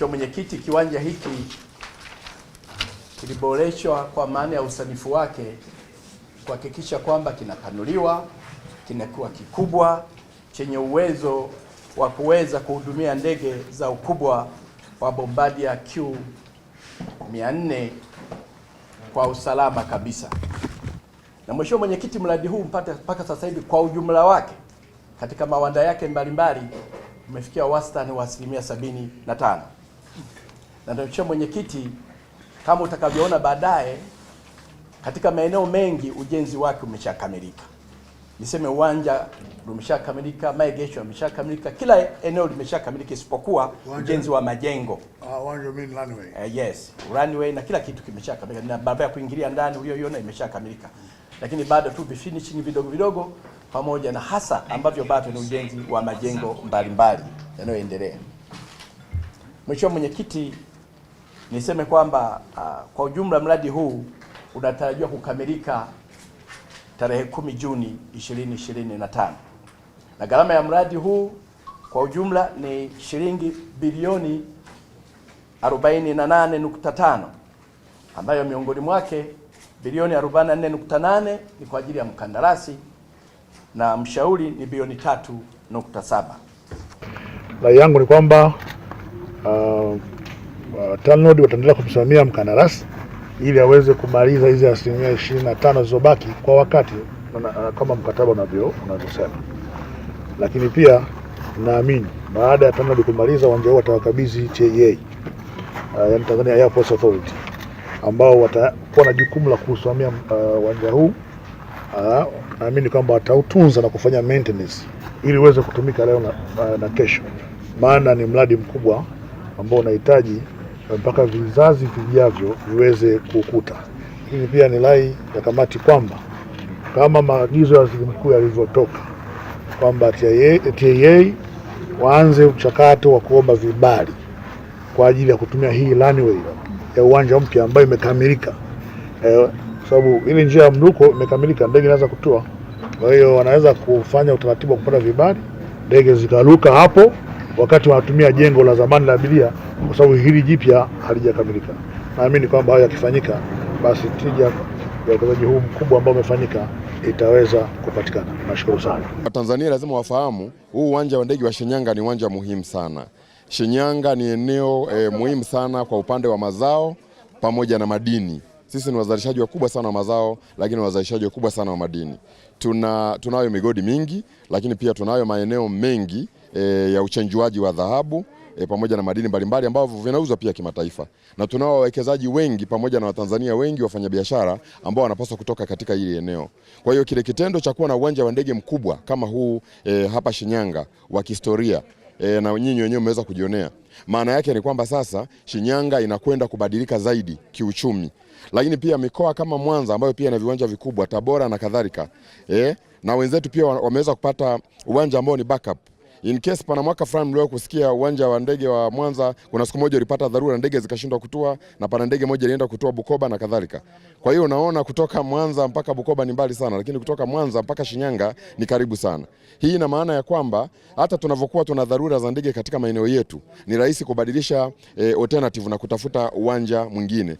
Mheshimiwa Mwenyekiti, kiwanja hiki kiliboreshwa kwa maana ya usanifu wake kuhakikisha kwamba kinapanuliwa, kinakuwa kikubwa chenye uwezo wa kuweza kuhudumia ndege za ukubwa wa Bombardier Q400 kwa usalama kabisa. Na Mheshimiwa Mwenyekiti, mradi huu mpaka mpaka sasa hivi kwa ujumla wake katika mawanda yake mbalimbali umefikia wastani wa asilimia sabini na tano na ndio mwenyekiti, kama utakavyoona baadaye, katika maeneo mengi ujenzi wake umeshakamilika. Niseme uwanja umeshakamilika, maegesho yameshakamilika, kila eneo limeshakamilika isipokuwa ujenzi wa majengo uh, mean runway. Uh, yes runway na kila kitu kimeshakamilika, na barabara ya kuingilia ndani uliyoiona imeshakamilika, lakini bado tu vifinishing vidogo vidogo, pamoja na hasa ambavyo bado ni ujenzi wa majengo mbalimbali yanayoendelea. Mheshimiwa Mwenyekiti, Niseme kwamba uh, kwa ujumla mradi huu unatarajiwa kukamilika tarehe 10 Juni 2025 na gharama ya mradi huu kwa ujumla ni shilingi bilioni 48.5 ambayo miongoni mwake bilioni 44.8 ni kwa ajili ya mkandarasi na mshauri ni bilioni 3.7. Rai yangu ni kwamba uh, Uh, TANROADS wataendelea kumsimamia mkandarasi ili aweze kumaliza hizi asilimia ishirini na tano zilizobaki kwa wakati uh, kama mkataba unavyosema, lakini pia naamini baada ya TANROADS kumaliza uwanja huu watawakabidhi TAA, uh, yani Tanzania Airports Authority ambao watakuwa na jukumu la kusimamia uh, uwanja uh, huu uh, naamini kwamba watautunza na kufanya maintenance ili uweze kutumika leo na, na kesho, maana ni mradi mkubwa ambao unahitaji na mpaka vizazi vijavyo viweze kukuta. Lakini pia ni rai ya kamati kwamba kama maagizo ya waziri mkuu yalivyotoka kwamba TIA waanze mchakato wa kuomba vibali kwa ajili ya kutumia hii runway ya uwanja mpya ambayo imekamilika, eh, sababu ile njia ya mruko imekamilika, ndege inaweza kutua. Kwa hiyo wanaweza kufanya utaratibu wa kupata vibali, ndege zikaruka hapo wakati wanatumia jengo la zamani la abiria, kwa sababu hili jipya halijakamilika. Naamini kwamba hayo yakifanyika, basi tija ya uwekezaji huu mkubwa ambao umefanyika itaweza kupatikana. Nashukuru sana. Watanzania lazima wafahamu huu uwanja wa ndege wa Shinyanga ni uwanja muhimu sana. Shinyanga ni eneo e, muhimu sana kwa upande wa mazao pamoja na madini. Sisi ni wazalishaji wakubwa sana wa mazao, lakini wazalishaji wakubwa sana wa madini. Tuna, tunayo migodi mingi, lakini pia tunayo maeneo mengi e, ya uchenjuaji wa dhahabu e, pamoja na madini mbalimbali ambavyo vinauzwa pia kimataifa, na tunao wawekezaji wengi pamoja na Watanzania wengi wafanyabiashara ambao wanapaswa kutoka katika hili eneo. Kwa hiyo kile kitendo cha kuwa na uwanja wa ndege mkubwa kama huu e, hapa Shinyanga wa kihistoria E, na nyinyi wenyewe mmeweza kujionea. Maana yake ni kwamba sasa Shinyanga inakwenda kubadilika zaidi kiuchumi, lakini pia mikoa kama Mwanza ambayo pia ina viwanja vikubwa, Tabora na kadhalika eh, na wenzetu pia wameweza kupata uwanja ambao ni backup In case pana mwaka fulani mlio kusikia uwanja wa ndege wa Mwanza, kuna siku moja ulipata dharura, ndege zikashindwa kutua, na pana ndege moja ilienda kutua Bukoba na kadhalika. Kwa hiyo unaona kutoka Mwanza mpaka Bukoba ni mbali sana, lakini kutoka Mwanza mpaka Shinyanga ni karibu sana. Hii ina maana ya kwamba hata tunavyokuwa tuna dharura za ndege katika maeneo yetu, ni rahisi kubadilisha eh, alternative na kutafuta uwanja mwingine.